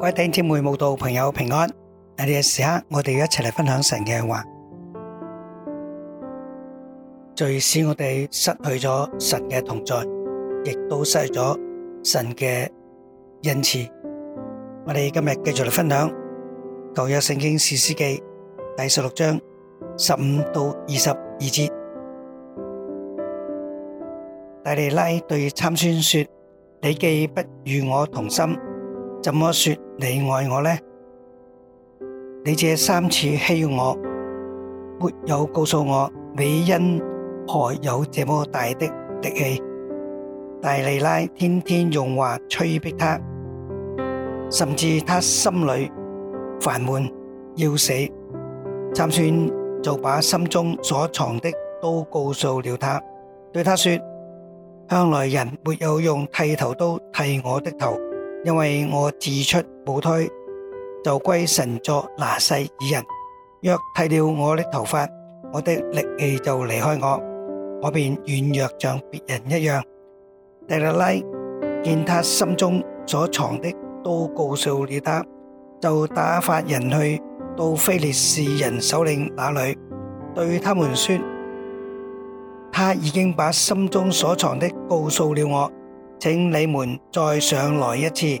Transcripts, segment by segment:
各位弟兄姊妹、慕道朋友平安，喺呢個時刻，我哋一齊嚟分享神嘅話。最使我哋失去咗神嘅同在，亦都失去咗神嘅恩賜。我哋今日繼續嚟分享舊約聖經士師記第十六章十五到二十二節。大利拉對參孫說：你既不與我同心，怎麼說？你愛我呢？你這三次欺我，沒有告訴我你因何有這麼大的力氣。大利拉天天用話催逼他，甚至他心裏煩悶要死，參孫就把心中所藏的都告訴了他，對他說：向來人沒有用剃頭刀剃我的頭，因為我自出。母胎就歸神作拿細耳人，若剃了我的頭髮，我的力氣就離開我，我便軟弱像別人一樣。大利拉見他心中所藏的都告訴了他，就打發人去到非利士人首領那裏，對他們說：他已經把心中所藏的告訴了我，請你們再上來一次。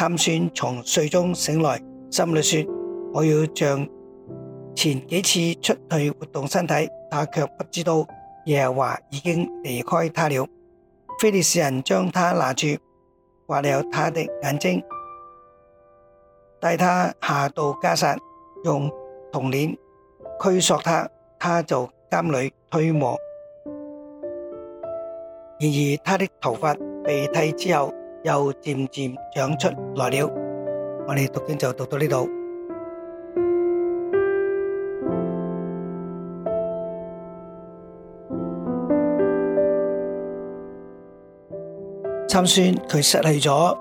參孫從睡中醒來，心裏說：我要像前幾次出去活動身體，他却不知道耶和華已經離開他了。非利士人將他拿住，挖了他的眼睛，帶他下到迦薩，用銅鏈拘索他，他就監裏推磨。然而他的頭髮被剃之後，又漸漸長出來了。我哋讀經就讀到呢度。參孫佢失去咗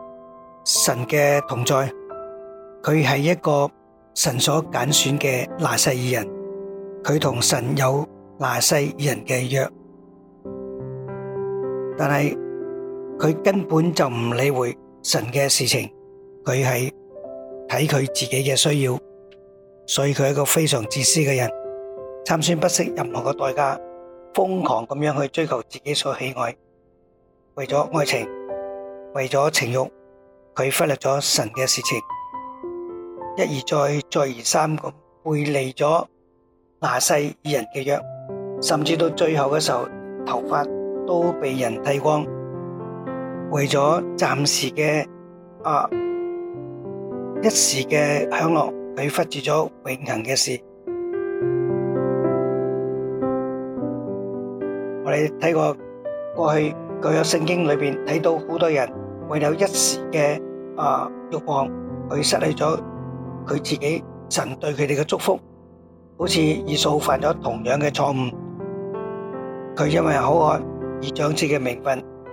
神嘅同在，佢係一個神所揀選嘅拿細耳人，佢同神有拿細耳人嘅約，但係。佢根本就唔理會神嘅事情，佢係睇佢自己嘅需要，所以佢係一個非常自私嘅人，參孫不惜任何嘅代價，瘋狂咁樣去追求自己所喜愛，為咗愛情，為咗情欲，佢忽略咗神嘅事情，一而再，再而三咁背離咗拿細耳人嘅約，甚至到最後嘅時候，頭髮都被人剃光。為咗暫時嘅啊一時嘅享樂，佢忽視咗永恆嘅事。我哋睇過過去舊約聖經裏邊，睇到好多人為咗一時嘅啊欲望，佢失去咗佢自己神對佢哋嘅祝福。好似以掃犯咗同樣嘅錯誤，佢因為好愛而長賜嘅名分。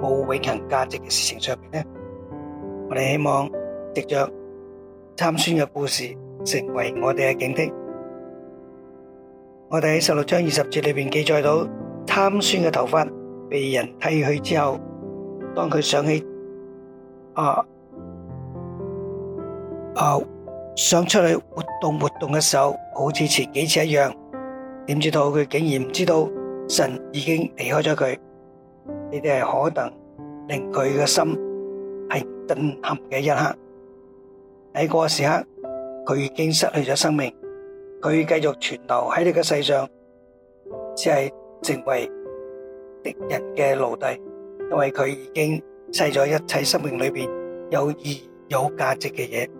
冇永恆價值嘅事情上面咧，我哋希望藉著參孫嘅故事成為我哋嘅警惕。我哋喺十六章二十節裏邊記載到參孫嘅頭髮被人剃去之後，當佢想起啊啊想出去活動活動嘅時候，好似前幾次一樣，點知道佢竟然唔知道神已經離開咗佢。你哋係可能令佢嘅心係震撼嘅一刻，喺嗰個時刻，佢已經失去咗生命，佢繼續存留喺呢個世上，只係成為敵人嘅奴隸因為佢已經失咗一切生命裏邊有意有價值嘅嘢。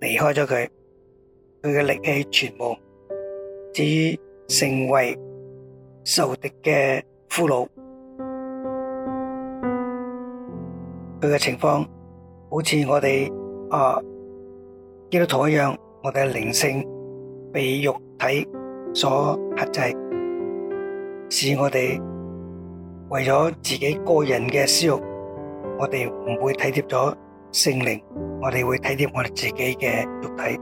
離開咗佢，佢嘅力氣全無，至於成為受敵嘅俘虜。佢嘅情況好似我哋啊，基督徒一樣，我哋嘅靈性被肉體所剋制，使我哋為咗自己個人嘅私慾，我哋唔會體貼咗。聖靈，我哋會體貼我哋自己嘅肉體。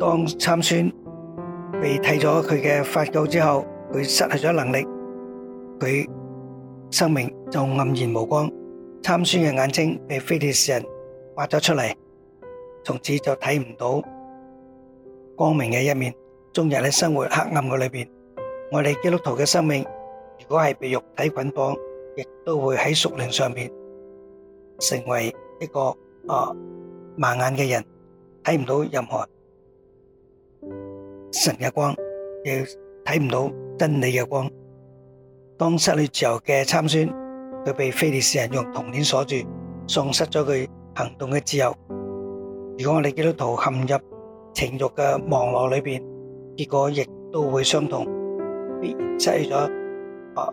當參孫被剃咗佢嘅髮髻之後，佢失去咗能力，佢生命就黯然無光。參孫嘅眼睛被非利士人挖咗出嚟，從此就睇唔到光明嘅一面，終日喺生活黑暗嘅裏邊。我哋基督徒嘅生命，如果係被肉體捆綁。亦都會喺屬靈上邊成為一個啊盲眼嘅人，睇唔到任何神嘅光，亦睇唔到真理嘅光。當失去自由嘅參孫，佢被非利士人用銅鏈，鎖住，喪失咗佢行動嘅自由。如果我哋基督徒陷入情欲嘅網絡裏邊，結果亦都會相同，必然失去咗啊！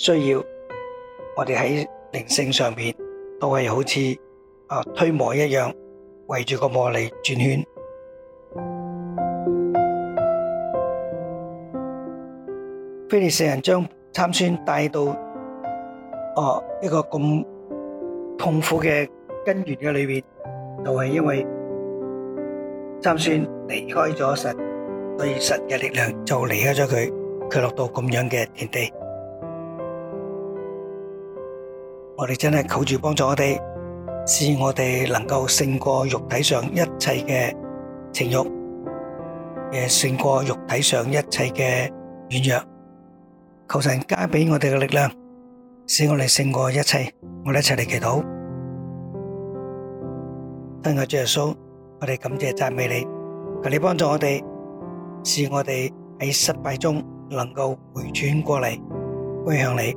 需要我哋喺靈性上面都係好似啊推磨一樣，圍住個磨嚟轉圈。非利士人將參孫帶到哦一個咁痛苦嘅，根源嘅裏面，就係因為參孫離開咗神，所以神嘅力量就離開咗佢，佢落到咁樣嘅田地。我哋真係求住幫助我哋，使我哋能夠勝過肉體上一切嘅情欲，也，勝過肉體上一切嘅軟弱。求神加畀我哋嘅力量，使我哋勝過一切。我哋一齊嚟祈禱。親愛主耶穌，我哋感謝讚美你，求你幫助我哋，使我哋喺失敗中能夠回轉過嚟歸向你。